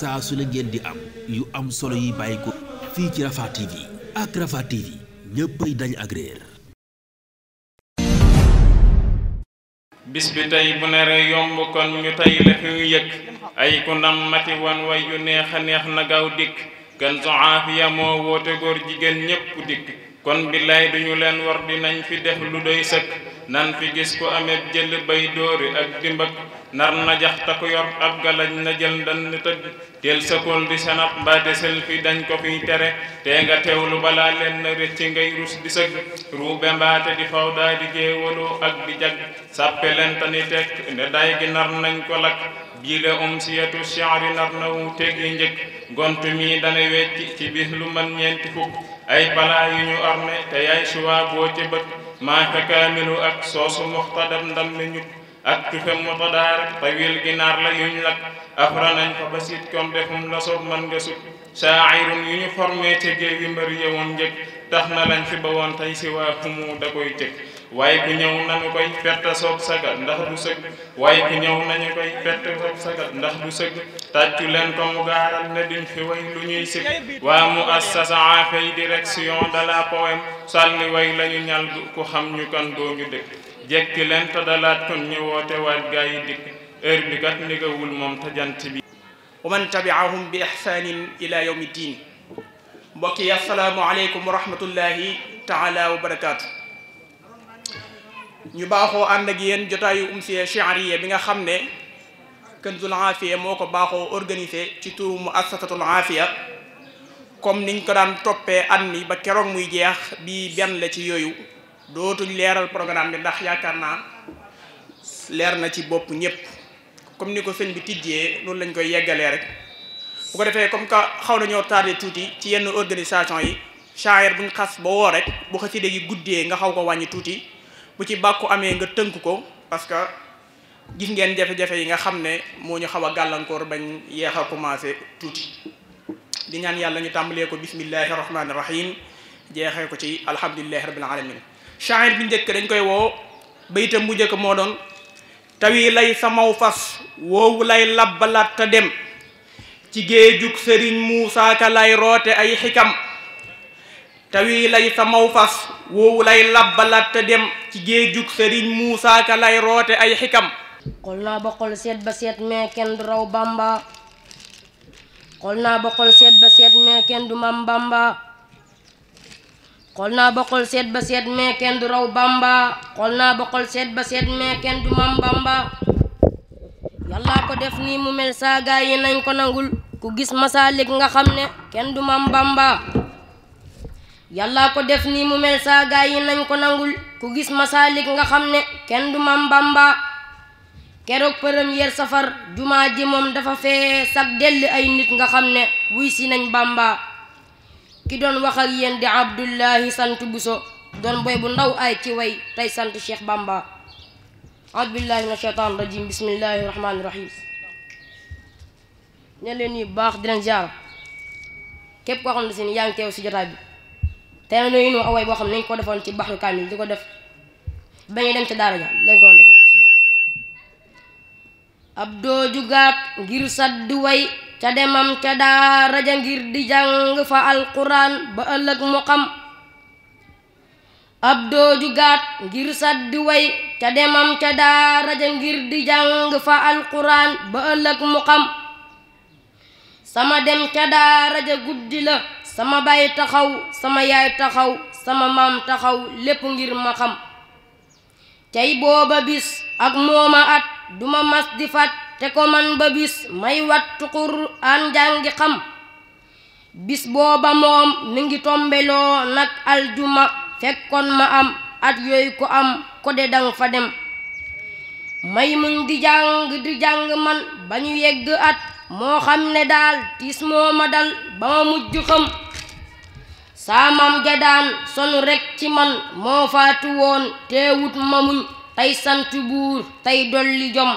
saa su ne ngeen di am yu am solo yi bàyyi ko fii ci Rafah TV ak Rafah TV ñëppay dañ ak réer bis bi tey bu naree yomb kon ñu tey la fi ñu yëg ay ku ndam mati yu neex a neex na gaaw dikk Kanzu Afia moo woote góor jigéen ñépp dikk kon billaay duñu leen war dinañ fi def lu doy sëkk nan fi gis ku amee jël bay dóori ak dimbag nar na jax ta ku yor ab galañ na jël ndan tëgg tel sakol di sanap mbaate sel fi dañ ko fiy tere te nga teewlu balaa leen na rëcc ngay rus di sëgg ruube mbaate di faw daa di ak di jag sàppe leen tani tekk ne day gi nar nañ ko lakk biile um siyatu shaari nar na wu tegi njëkk gont mi dana wecci ci bis lu man ñeenti fukk ay balaa yu ñu arme te yaay suwaa boo ca kaamilu ak soosu muxtadab ndam mi ñug ak tufe mutadaar te wil ginaar la yuñ lakk afra nañ fa ba siit kon defum la soob mën nga sut saairun yu ñu formé ca géewi mbër yewoon njëg tax na lañ fi ba woon tey siwaa fumu da koy tëg waaye ku ñëw nañu koy fetta soog sagal ndax du sëgg waaye ku ñëw nañu koy fetta soog sagal ndax du sëgg tàccu leen ko mu gaaral ne duñ fi way lu ñuy sëgg waa mu assasa afay direction de la poème sàlli way lañu ñal ku xam ñu kan doo dëkk jekki leen te ñu woote waat gaa dikk heure bi kat ndigawul moom te jant bi wa man tabiahum bi ihsaanin ila yawmi diin yi assalaamu aleykum wa rahmatullahi taala wa ñu baaxoo ànd ak yéen jotaayu umsiya shi'ariya bi nga xam ne Kanzul Afiya moo ko baaxoo organisé ci turu muassasatul Afiya comme niñ ko daan toppee at mi ba keroog muy jeex bi benn la ci yooyu dootuñ leeral programme bi ndax yaakaar naa leer na ci bopp ñëpp comme ni ko sëñ bi tijjee loolu lañ koy yeggalee rek bu ko defee comme que xaw nañoo tardé tuuti ci yenn organisation yi chair buñ xas ba woo rek bu xasida gi guddee nga xaw ko wàññi tuuti bu ci bàkku amee nga tënk ko parce que gis ngeen jafe-jafe yi nga xam ne moo ñu xaw a gàllankoor bañ yeex a commencé tuuti di ñaan yàlla ñu tàmbalee ko bismillahi rahmaani rahim jeexee ko ci alhamdulilahi rabbil alamin shaahir bi njëkk dañ koy woo baytam bu njëkk moo doon tawi lay samaw fas woowu lay labbalaat te dem ci géejug sëriñ Muusaa Ka lay roote ay xikam tawi lay sa maw fas woowu lay labbalaat te dem ci géejug sëriñ Muusaa Ka lay roote ay xikam xool naa ba xool seet ba set mais kenn du raw Bamba xool naa ba xool seet ba seet mais kenn du Bamba xool naa ba xool seet ba seet mais kenn raw Bamba xool naa ba seet ba seet mais kenn ko def nii mu mel saagaa yi nañ ko nangul ku gis Masaalik nga xam ne kenn du mam Bamba yàllaa ko def nii mu mel saa yi nañ ko nangu ku gis masaalik nga xam ne kenn du mam bamba keroog përëm yer safar jumaa ji moom dafa fee sag dell ay nit nga xam ne wuy si nañ bamba ki doon wax ak di abdullahi sant buso doon boy bu ndaw ay ci way tey sant cheikh bamba aoudu billahi min asheytan rajim bismillahi rahmani rahim ñe leen yi baax di leen jaar képp koo xam ne si ni yaa ngi teew si jotaay bi te noonu wax way boo xam ne nañ ko defoon ci baxru kaamil di ko def ba ñu dem ci daara ja lañ ko ab doo jugaat ngir saddi way ca demam ca daara ja ngir di jàng fa alquran ba ëllëg mu xam ab doo saddi way ca demam ca daara ngir di jàng fa ba ëllëg mu xam sama dem ca daara ja guddi la sama baay taxaw sama yaay taxaw sama maam taxaw lépp ngir ma xam tey booba bis ak mooma at duma mas di fat te ko man ba bis may wattu Qur'aan jàngi xam bis booba moom mi ngi tombeloo nag aljuma fekkoon ma am at yooyu ko am ko de dang fa dem may muñ di jàng di jàng man ba ñu yegg at moo xam ne daal tiis moo ma dal ba ma mujj xam saa ja daan sonu rekk ci man moo faatu woon teewut ma muñ tey sant buur tey dolli jom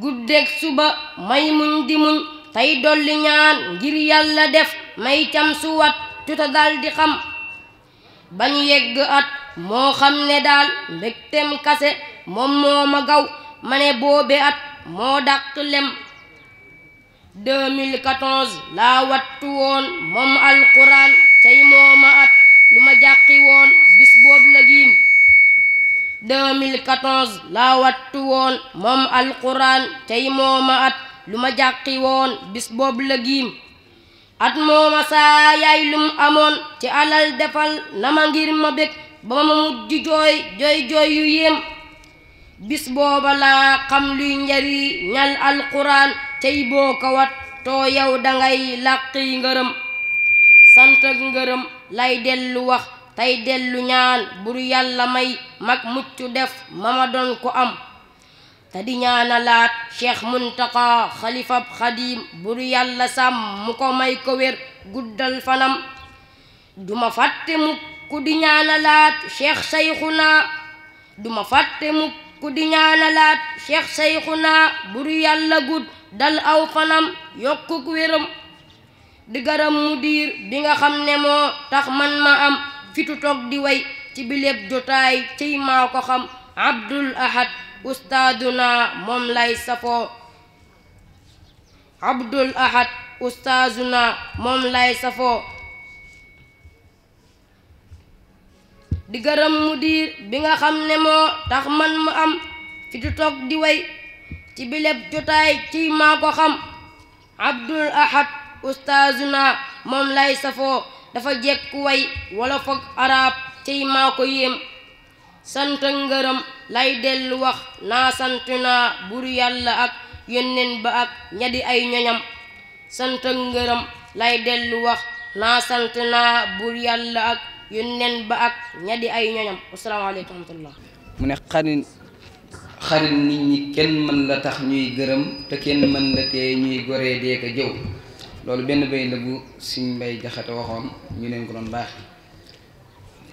guddeeg suba may muñ di muñ tey dolli ñaan ngir yàlla def may cam suwat tuta dal di xam bañ yegg at moo xam ne daal mbégtem kase moom moo ma gaw ma ne boobe at moo dàq lem 2014 laa wattu woon lu ma jàqi woon la giim 2014 laa wattu woon moom alquran tey mooma at lu ma jàqi woon bis boobu la giim at mooma saa yaay lum amoon ci alal defal nama ngir ma bég ba ma mujj jooy jooy jooy yu yéem bis booba laa xam luy njari ñal tey boo ko wat too yow dangay làqi ngërëm sant ak ngërëm lay dellu wax tey dellu ñaan bur yàlla may mag mucc def mama doon ko am te di ñaanalaat cheikh muntaqa xalifab xadim bur yàlla sàmm mu ko may ko wér guddal fanam duma fàtte mukk ku di ñaanalaat cheikh sayxuna duma fàtte mukk ku di ñaanalaat cheikh sayxuna bur yàlla gudd dal aw fanam yokkuk wéram di garam mu bi nga xam ne moo tax man ma am fitu toog di way ci biléb jotaay ciy maa ko xam abdul ahad ustaaduna moom moom lay safoo di garam mu bi nga xam ne moo tax man ma am fitu toog di way ci bileb jotaay ci maa ko xam abdul ahad ustaazuna moom lay safoo dafa jekk way wala foog arab ci maa ko yéem sant ngërëm lay dellu wax naa sant naa bur yàlla ak yónneen ba ak ñadi ay ñoñam sant ngërëm lay dellu wax naa sant naa bur yàlla ak yónneen ba ak ñadi ay ñoñam asalaamaaleykum wa rahmatullah mu ne xarin xarit ni ñi kenn mën la tax ñuy gërëm te kenn mën la te ñuy goree dee ko jëw loolu benn bay la bu suñ mbay jaxate waxoon ñu leen ko doon baax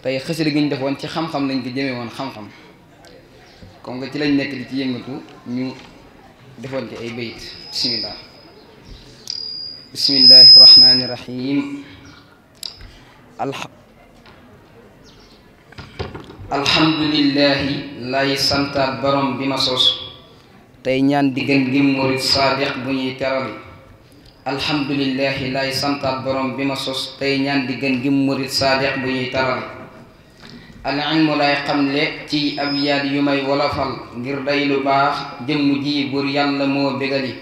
tey xasida gi ñu defoon ci xam-xam lañ ko jëmee woon xam-xam comme que ci lañ nekk di ci yëngatu ñu defoon ci ay bayit bismillah bismillahi rahmani rahim alhamdulillahi lay santaat borom bi ma sos tey ñaan diggan ngir murit saadiq bu ñuy terali alhamdulillahi lay santaat borom bi ma sos tey ñaan diggan ngir murit saadiq bu ñuy terali al ilmu lay xamle ci ab yaat yu may wolofal ngir day lu baax jëmm ji buur yàlla moo bégali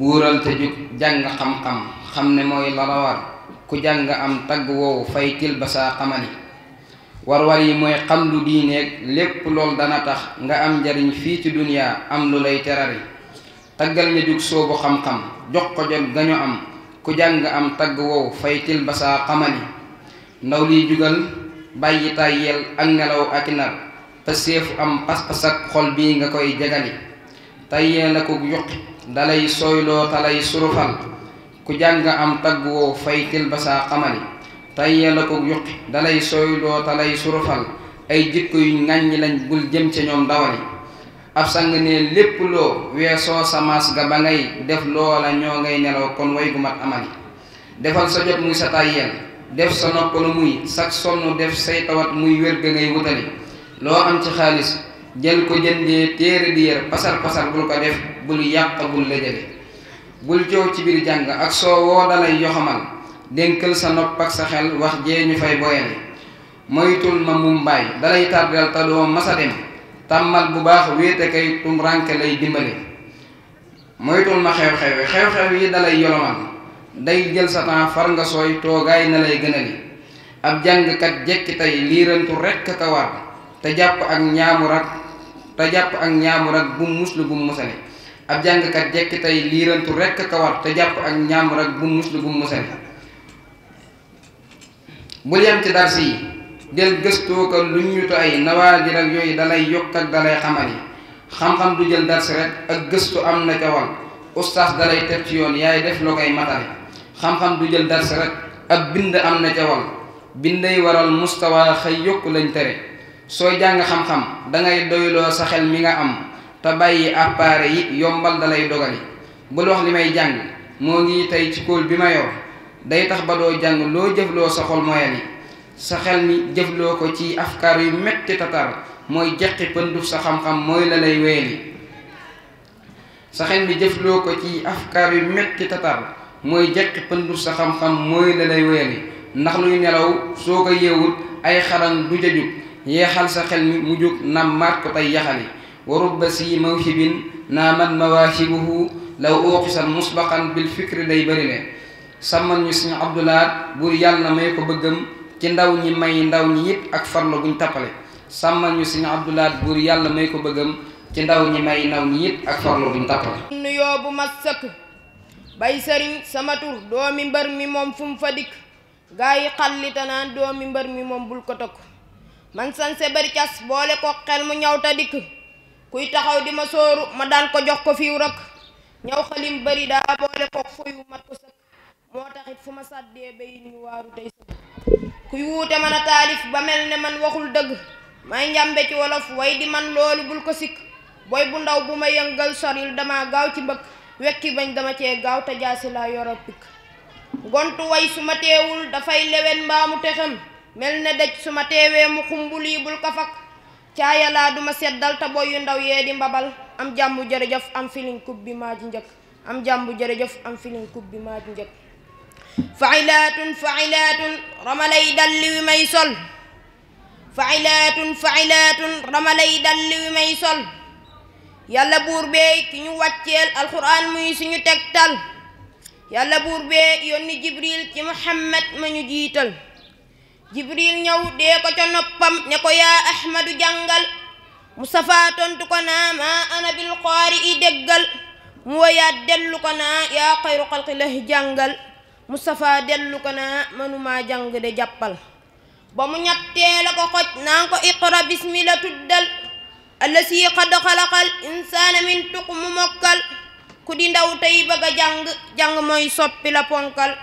buural te jug jàng xam-xam xam ne mooy lalawaat ku jàng am tagg woowu fay til xamali war-war yi mooy xam lu diineeg lépp loolu dana tax nga am njariñ fii ci duniyaa am lu lay terari taggal ña jug soobu xam-xam jox ko jot gañu am ku jàng am tagg wow fay tilbasaa xamani ndaw liy jógal bàyyi tàyyeel ak ngelaw ak nar paseefu am pas-pas ak xol bii nga koy jagali tàyyeel ak yuqi dalay sooyloo talay surufal ku jàng am tagg wow fay tilbasaa xamani tayyee la ko yuqi dalay sooyloo talay surufal ay jikko yu ŋàññi lañ bul jëm ca ñoom dawali ab sang ne lépp loo weesoo sa maas ga ba ngay def loola ñoo ngay nelaw kon way gu mat amali defal sa jot muy sa tayyeel def sa noppalu muy sag def say tawat muy wér ga ngay wutali loo am ci xaalis jël ko jëndee téere di yër pasar pasar bul ko def bul yàq bul lëjale bul joow ci biir jàng ak soo dalay yoxamal dénkal sa nopp ak sa xel wax jee ñu fay boyale moytul ma mumbaay dalay tardel te doo masa dem tàmmal bu baax wéete kay tum lay dimbale moytul ma xew-xew yi dalay yolomal day jël sa temps far nga sooy toogaay na lay gënali ab jàngkat jekki tey liirantu rekk te te jàpp ak ñaamu te jàpp ak ñaamu rak bu muslu bu musale ab jàngkat jekki tey liirantu rekk te war te jàpp ak ñaamu rak bu muslu bu musale bul yem ci dars yi del gëstoo ko lu ñutu ay nawaajir ak yooyu dalay yokk ak dalay xamal yi xam-xam du jël dars rek ak gëstu am na ca wal ustaas dalay teg ci yoon yaay def loo koy matale xam-xam du jël dars rek ak bind am na ca wal binday waral mustawa xëy yokku lañ tere soo jàng xam-xam dangay doyloo sa xel mi nga am te bàyyi appareil yi yombal dalay dogali bul wax li may jàng moo ngi tey ci kóol bi ma yor day tax ba doo jàng loo jëfloo sa xol moyen sa xel mi jëfloo ko ci afkaar yu metti tatar mooy jeqi pëndu sa xam-xam mooy la lay weeli sa xel jëfloo ko ci afkaar yu metti tatar mooy jeqi pënduf sa xam-xam mooy la lay weeli ndax luy nelaw soo ko yeewul ay xaran du jajug yeexal sa xel mi mu jóg nam maat ko tey yaxali wa rubba si mawhibin naa man mawaahibuhu law uqisal musbaqan bil fikri lay bëri leen sàmmal ñu suñu abdulaat buur yàlla na may ko bëggam ci ndaw ñi may ndaw ñi it ak farlo buñ tappale sàmmal ñu suñu abdulaat buur yàlla may ko bëggam ci ndaw ñi may ndaw ñi it ak farlo buñ tappale bu ma sëkk bay sëriñ sama tur mi moom fu fa dikk gaa yi xallita naan doomi mbër mi moom bul ko tokk man sanse bari cas boole ko xel mu ñaw ta dikk taxaw di ma sóoru ma daan ko jox ko fiw rek ñaw xalim bari moo taxit fu ma sàddee bay ñu waaru tey sëgg kuy wuute mën a taalif ba mel ne man waxul dëgg may njàmbe ci wolof way di man loolu bul ko sikk booy bu ndaw bu ma yëngal soril dama gaaw ci mbëkk wekki bañ dama cee gaaw te jaasi laa yoro way su ma teewul dafay lewen mbaamu texam mel ne dëj su ma teewee mu xumbulii bul kafak caaya laa duma seddal te boy yu ndaw yee di mbabal am jàmbu jërëjëf am filin kub bi maa njëkk am jàmbu jërëjëf am filin kub bi maa ji njëkk facilaatun facilaatun ramalay dalli wi may sol facilaatun facilaatun ramalay dalli wi may sol yàlla buur bee ki ñu wàcceel alxuraan muy suñu tegtal yàlla buur bee yónni jibril ci muhammad ma ñu jiital jibril ñaw dee ko ca noppam ne ko yaa ahmadu jàngal mustafa tontu ko naa maa ana bil qaari i déggal mu wayaat dellu ko naa yaa xayru xalqi lahi jàngal Moustapha dellu ko na mënumaa jàng de jàppal ba mu ñettee la ko xoj naan ko iqra bismi tuddal allasi qad xalaqal insaana min mu mokkal ku di ndaw tey bëgg a jàng jàng mooy soppi la ponkal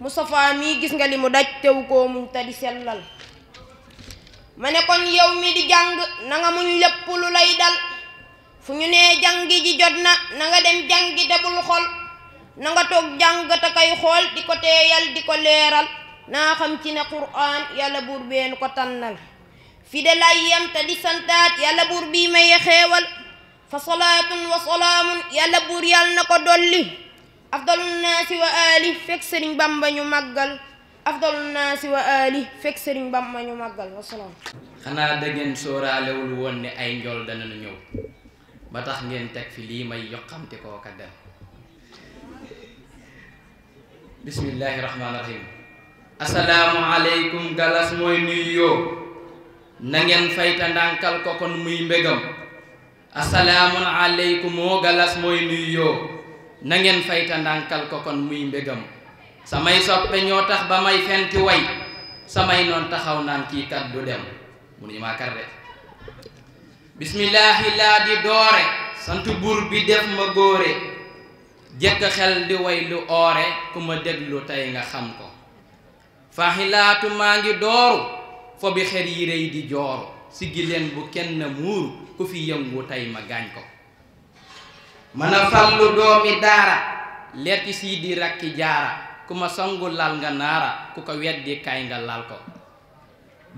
Moustapha mii gis nga li mu daj tew koo muñ tadi sellal ma ne kon yow mi di jàng nanga muñ lépp lu lay dal fu ñu nee jàngi ji jot na nanga dem jàngi te bul xol na nga toog jàngat a kay xool di ko teeyal di ko leeral naa xam ci ne quraan yàlla buur beenu ko tànnal fi de lay yam te di santaat yàlla buur bii maye xeewal fa salaatun wa salaamun yàlla buur yàlla na ko dolli afdalun naasi wa ali fekk sëriñ bamba ñu màggal afdalun naasi wa ali fekk sëriñ bamba ñu màggal wa salaam xanaa da ngeen sooraalewul woon ne ay njool dana nu ñëw ba tax ngeen teg fi lii may yoqamte koo dem bismillaahi rahmaani rahiim asalaamualeykum galas mooy nuyoo na ngeen fayta ndànkal ko kon muy mbégam asalaamun aleykum galas mooy nuyoo na ngeen fayta ndànkal ko kon muy mbégam samay soppe ñoo tax ba may fenti way samay noon taxaw naan kii kat du dem mu nuñu maa kar de bismillaahi laa di doore sant buur bi def ma góore jekk xel di woy lu oore ku ma déglu tey nga xam ko faaxilaatu maa ngi dooru fo bi xer yi rëy di jooru siggi bu kenn muuru ku fi yëngu tey ma gaañ ko mën a fallu doomi daara letti sii di rakki jaara ku ma songu lal nga naara ku ko weddi nga lal ko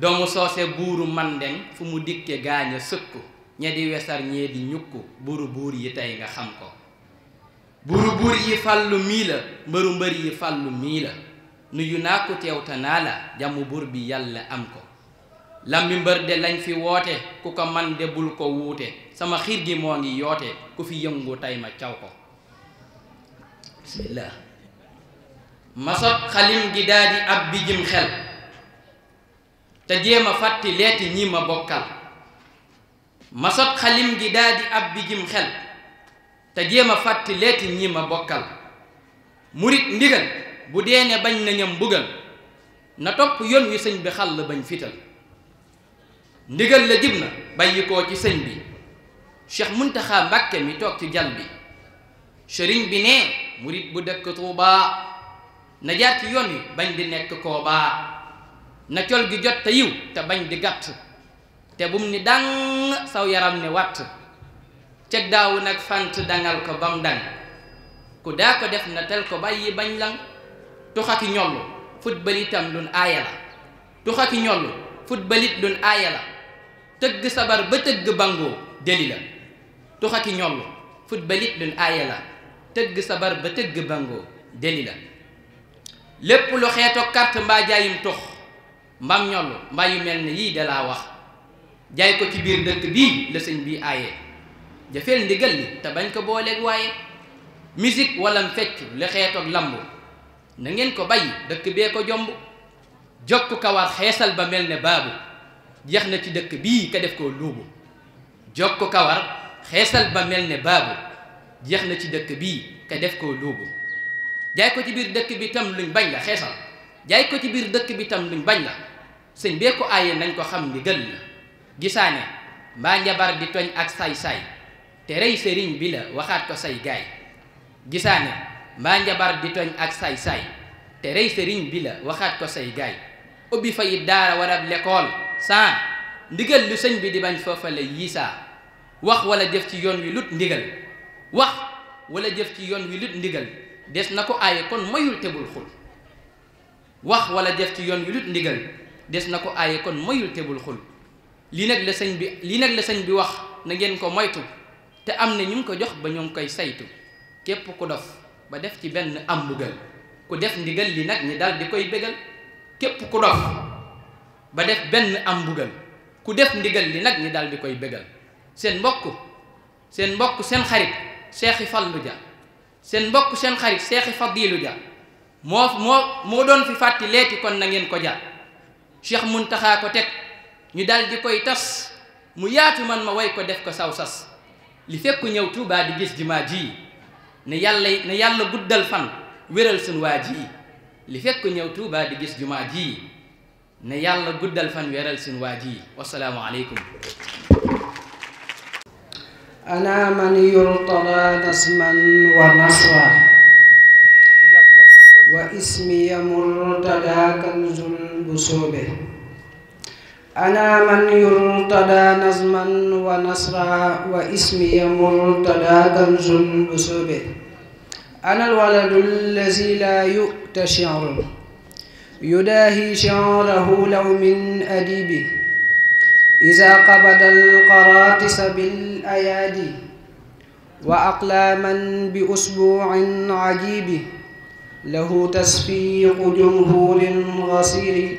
doomu soose buuru mandeng fu mu dikke gaañ a sëkku ñe di wesar ñee di ñukku buuru buur yi tey nga xam ko buru buur yi fàllu mii la mbëru mbër yi fàllu mii la nuyu naa ko teewta naa la jàmm buur bi yàlla am ko lammi mbër de lañ fi woote ku ko man de bul ko wuute sama xiir gi moo ngi yoote ku fi yëngu tey ma caw ko bismillah masot xalim gi daal di ab bijim xel te jéem a fàtti leeti ñi ma bokkal masot xalim gi daal di ab bijim xel te jéem a fàtti leeti ñi ma bokkal murit ndigal bu dee ne bañ na ñam na topp yoon wi sëñ bi xàll bañ fital ndigal la jib na bàyyi koo ci sëñ bi Cheikh Muntaxa Mbàkke mi toog ci jal bi sëriñ bi ne murit bu dëkk Tuubaa na jaar ci yoon wi bañ di nekk koo baa na col gi jot te yiw te bañ di gàtt te bum ni dàng saw yaram ne wàtt te daaw nag fant dangal ko bam dang ku daa ko def na tel ko bàyyi bañ lang tuxaki ñollu football itam lun aaya la la tëgg sabar ba tëgg bangoo deli la tuxaki ñollu football it la tëgg sabar ba la lépp lu xeetoo carte mbaa jaayum tux mbaam ñollu mbaa yu mel ne yii dalaa wax jaay ko ci biir dëkk bii la sëñ bii aayee jafeel ndigal li te bañ ko booleeg waaye misik walla feccu li xeetoog lamb na ngeen ko bay dëkk bee ko jomb jokk kawar xeesal ba mel ne baabu jeex na ci dëkk bii ka def koo luubu jokk kawar xeesal ba mel ne baabu jeex na ci dëkk bii ka def koo luubu jaay ko ci biir dëkk bi tam luñ bañ la xeesal jaay ko ci biir dëkk bi tam luñ bañ la sëñ bee ko aaye nañ ko xam ni gën la gisaane mbaa njabar di toñ ak saay-saay te rey sëriñ bi la waxaat ko say gaay gisaane mbaa njabar di toñ ak say saay te rey sëriñ bi la waxaat ko say gaay ubbi fa yit daara war ab lekkool saa ndigal lu sëñ bi di bañ foofa la yiisaa wax wala jëf ci yoon wi wax walla jëf ci yoon wi lut ndigal des na ko aaye kon moyul tebul xul wax wala jëf ci yoon wi lut ndigal des na ko aaye kon moyul tebul xul lii nag la sëñ bi lii nag la sëñ bi wax na ngeen ko moytu te am na ñu ngi ko jox ba ñoo koy saytu képp ku dof ba def ci benn am mbugal ku def ndigal li nag ñi dal di koy bégal képp ku dof ba def benn am mbugal ku def ndigal li nag ñi dal di koy bégal seen mbokk seen mbokk seen xarit seexi fallu ja seen mbokk seen xarit seexi fadilu ja moo moo moo doon fi fàtti leeti kon na ngeen ko jar Cheikh Muntaxa ko teg ñu dal di koy tas mu yaatu man ma woy ko def ko saw sas li fekk ñëw Touba di jumaa ji ne yàlla ne yàlla guddal fan wéral suñ waa ji li fekk ñëw Touba di gis jumaa ji ne yàlla guddal fan wéral waa ji wasalaamu man yurtada nasman wa nasra wa ismi murtada kanzul bu soobe أنا من يرتدى نظما ونصرا واسمي مرتدى كنز بسوبه أنا الولد الذي لا يؤت شعر يداهي شعره لو من أديبي إذا قبض القراطس بالأيادي وأقلاما بأسبوع عجيب له تصفيق جمهور غصير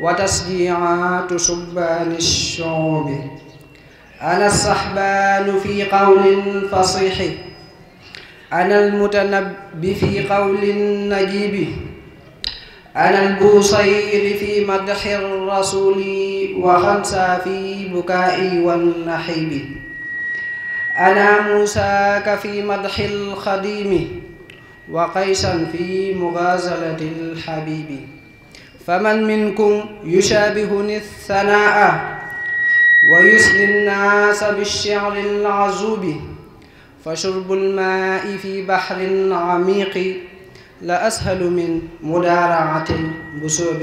وتصديعات سبان الشعوب أنا الصحبان في قول فصيح أنا المتنبي في قول نجيب أنا البوصير في مدح الرسول وخمسة في بكائي والنحيب أنا موساك في مدح الخديم وقيسا في مغازلة الحبيب فمن منكم يشابهني الثناء ويسلي الناس بالشعر العزوب فشرب الماء في بحر عميق لأسهل من مدارعة البسوب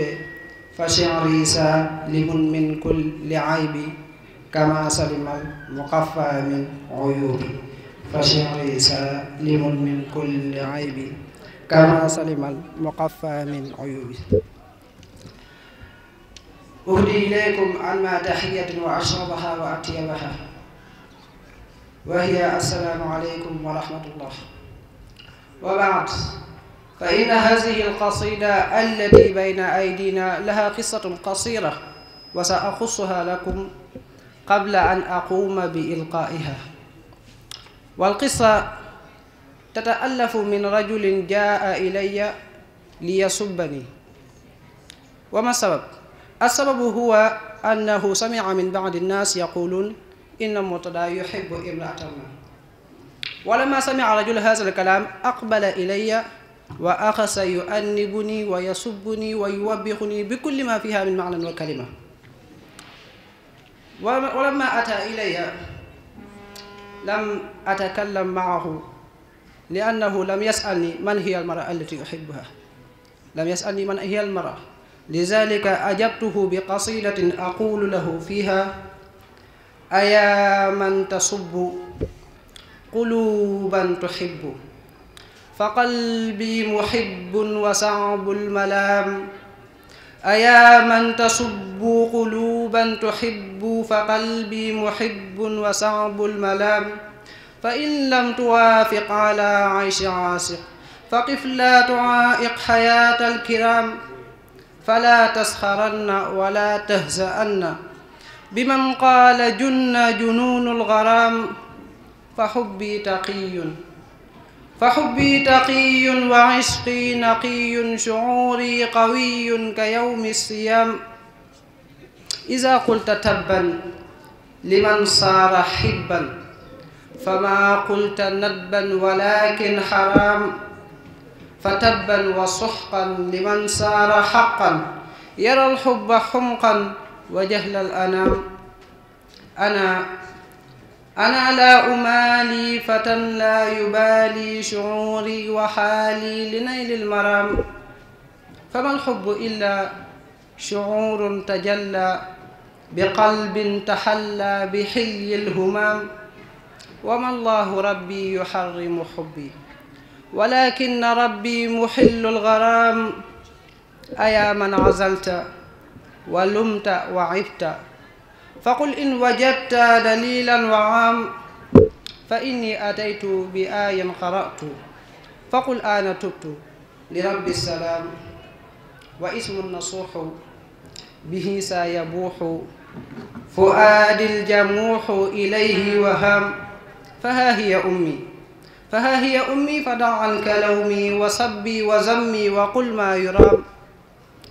فشعري سالم من كل عيب كما سلم المقفى من عيوب فشعري سالم من كل عيب كما سلم المقفى من عيوب أهدي إليكم عما تحية وأشربها وأطيبها وهي السلام عليكم ورحمة الله وبعد فإن هذه القصيدة التي بين أيدينا لها قصة قصيرة وسأخصها لكم قبل أن أقوم بإلقائها والقصة تتألف من رجل جاء إلي ليسبني وما السبب؟ السبب هو أنه سمع من بعض الناس يقولون إن المرتضى يحب امرأة ما ولما سمع رجل هذا الكلام أقبل إلي وأخذ يؤنبني ويسبني ويوبخني بكل ما فيها من معنى وكلمة ولما أتى إلي لم أتكلم معه لأنه لم يسألني من هي المرأة التي أحبها لم يسألني من هي المرأة لذلك أجبته بقصيدة أقول له فيها أيا من تصب قلوبا تحب فقلبي محب وصعب الملام أيا من تصب قلوبا تحب فقلبي محب وصعب الملام فإن لم توافق على عيش عاسق فقف لا تعائق حياة الكرام فلا تسخرن ولا تهزأن بمن قال جن جنون الغرام فحبي تقي فحبي تقي وعشقي نقي شعوري قوي كيوم الصيام إذا قلت تبا لمن صار حبا فما قلت ندبا ولكن حرام fa tabban wa suxqan liman saara xaqan yara alxubba xumqan wa jahla al anaam ana ana laa umaali fatan laa yubaali shucuuri wa xaali li nayli lmaraam fama alxubbu illa shucuurun tajalla biqalbin taxalla bixilyi lhumaam wa ma allahu rabbi yuxarrimu xubbi walakin rabbi muxillu lgaraam ayaa man azalta wa lumta wa ibta faqul in wajadta dalilan wa aam fa inni ataytu bi aayan qara'tu faqul ana tubtu li rabbi salaam wa ismu nasuuxu bihi sa yabuuxu fuaadi ljamuuxu ilayhi waham fa haa hiya ummi فها هي أمي فدع عنك لومي وصبي وزمي وقل ما يرام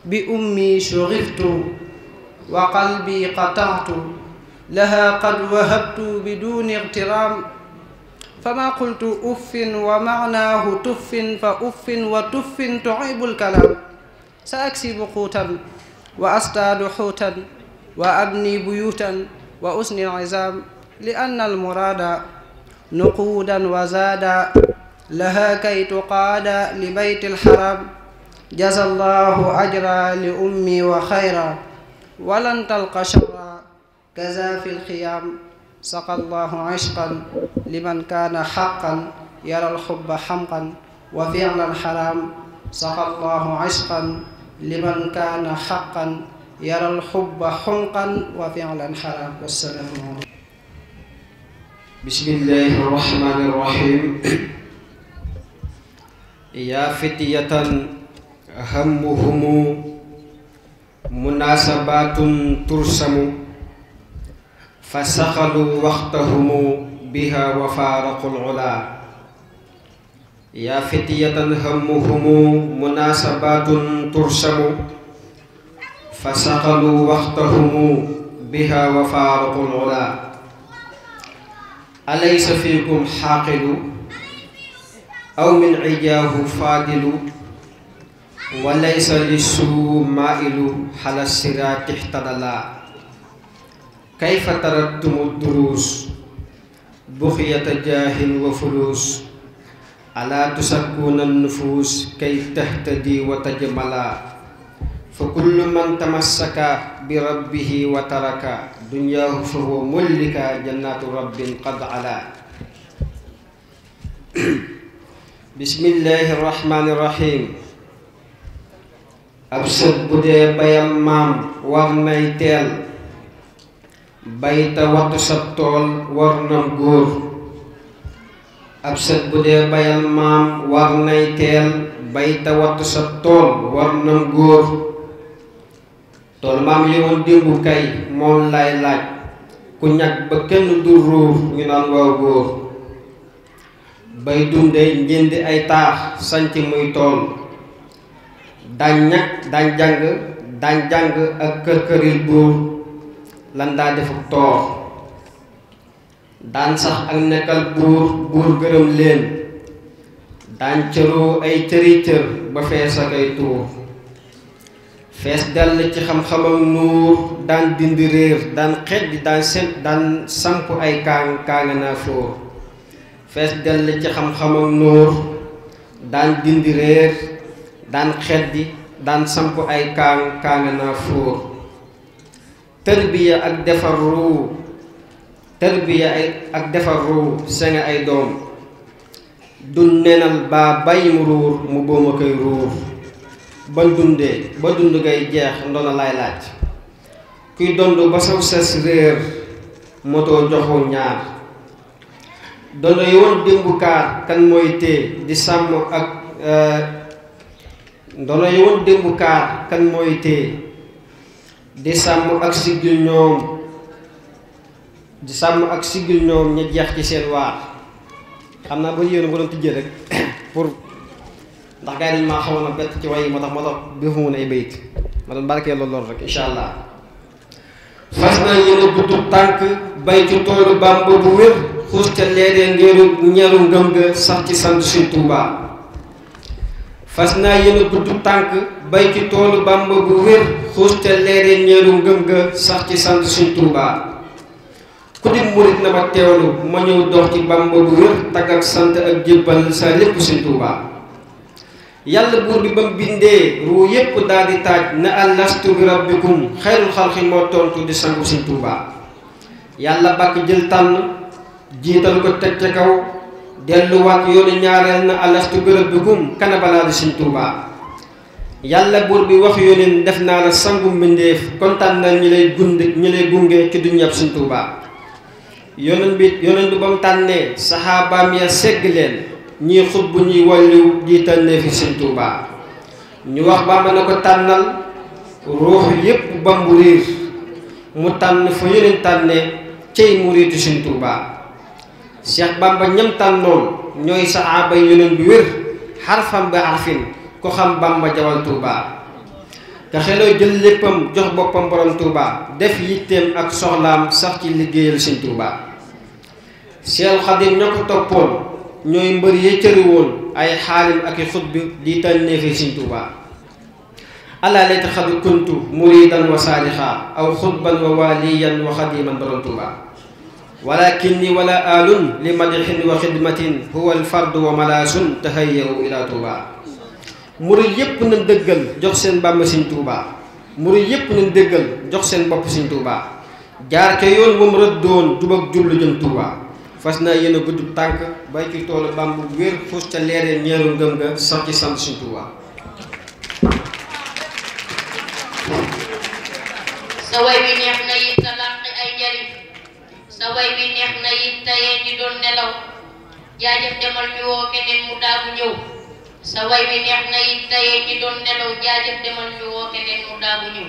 بأمي شغلت وقلبي قطعت لها قد وهبت بدون اغترام فما قلت أف ومعناه تف فأف وتف تعيب الكلام سأكسب قوتا وأصطاد حوتا وأبني بيوتا وأسني العزام لأن المراد نقودا وزادا لها كي تقاد لبيت الحرام جزى الله أجرا لأمي وخيرا ولن تلقى شرا كذا في الخيام سقى الله عشقا لمن كان حقا يرى الحب حمقا وفعلا حرام سقى الله عشقا لمن كان حقا يرى الحب حمقا وفعلا حرام والسلام عليكم bismillahi irrahmani irrahim yaa fityatan hammuhumu munaasabaatun tursamu fa saxalu waxtahumu biha wa faaraqul ulaa yaa fityatan hammuhumu munaasabaatun tursamu fa saxalu waxtahumu biha wa faaraqul ulaa alaysa fiikum xaaqilu aw min ijaahu faadilu walaysa li suu maailu xala siraati ixtadalaa kayfa tarattumu duruus buxyata jaahin wa fuluus alaa tusakkuuna nufuus kay tahtadi wa tajmalaa fa kullu man tamassaka bi rabbihi wa taraka dunyaahu fa huwa mulika jannaatu rabbin qad ala bismillahi rahmaani rahim ab sët bu dee bayam maam war nay teel bayta wattu sab tool war na góor ab sët bu dee bayal maam war nay teel bayta wattu sab tool war na góor loolu maam li woon démb moom lay laaj ku ñàkk ba kenn du ruur ñu naan waaw góor bay dunde njëndi ay taax sanc muy tool daañ ñàkk daañ jàng ak kër këril buur lan daa defuk toor daan sax ak nekkal buur buur gërëm leen daañ cëroo ay cëri cër ba fees ak ay tuur fees dell ci xam-xamam nuur daan dindi réer daan xet bi daan samp ay kaang fees dell ci xam-xamam nuur daan dindi réer daan xet bi daan samp ay kaang kaanga naa fóor tërbiya ak defar ruu tërbiya ak defar ruu sanga ay doom du nenal baa bay mu ruur mu booma koy ruur ban dundee ba dund ngay jeex ndono laay laaj kuy dond ba saw ses réer moto joxu ñaar dond yi woon démb kaar kan mooy di sàmm ak euh, ndono yi woon sàmm ak siggil ñoom di sàmm ak siggil ñoom ñu jeex ci seen waar xam naa ba yéen ko doon tijjee rek pour ndax gars yi dañ xawoon a bett ci way moo tax moo tax béfu mun ay bayit ma doon barkee loolu loolu rek incha allah fas naa yéene buddu tànk bay ci toolu Bàmba bu wér xuus ca leeree ngeeru ñeeru ngëm sax ci sant suñ Tuubaa naa yéene buddu tànk bay ca leeree ñeeru ngëm ci sant suñ Tuubaa ku di murit na ma teewlu ma ñëw dox ci Bàmba bu wér tagg ak sant ak jébbal sa lépp suñ Tuubaa yàlla buur bi ba mu bindee ruu yépp daal di taaj na alastu bi rabbikum xayrul xalqi moo tontu di sangu Sëñ Tuubaa yàlla bàkk jël tànn jiital ko teg ca kaw delluwaat yoonu ñaareel na alastu bi rabbikum kana balaa di Sëñ yàlla buur bi wax yóneen def naa la sangu mbindéef kontaan na ñi lay gund ñu lay gunge ci duñu ñab Sëñ Tuubaa yóneen bi ba mu tànnee saxaabaam ya segg leen ñii bu ñuy wàlliw di tànnee fi sëñ Tuubaa ñu wax Bàmba na ko tànnal ruux yépp bambu riir mu tànn fa yeneen tànnee cey muriitu sëñ Tuubaa Cheikh Bàmba ñam tànnoon ñooy saxaaba yeneen bi wér xarfam ba xarfin ku xam Bàmba jawal Tuubaa te xeloo jël léppam jox boppam borom Tuubaa def yitteem ak soxlaam sax ci liggéeyal sëñ Tuubaa Cheikh ñoo ko toppoon ñooy mbër yi cëri woon ay xaalim ak i xutbi di tànneefi Sëñ Tuubaa alaa layta xad kuntu muridan wa saalixaa aw xutban wa waaliyan wa xadiman borom Tuubaa walakinni wala alun li madixin wa xidmatin huwa alfardu wa malaasun tahayyaru ila Tuubaa murid yépp na dëggal jox seen bàmba Sëñ Tuubaa murid yépp na dëggal jox seen bopp Sëñ Tuubaa jaar ca yoon wam rëddoon jub ak jublu tuuba fas naa yéen a gudd tànk bay ci toolu bàmb wér xuus ca leeree ñeeru ngëm nga sax ci sant Sëriñ Tuubaa bi neex na it te làq ay njariñ sa bi neex na it te yéen doon nelaw jaajëf demal ñu woo keneen mu daagu ñëw sa bi neex na it te yéen doon nelaw jaajëf demal ñu woo keneen mu daagu ñëw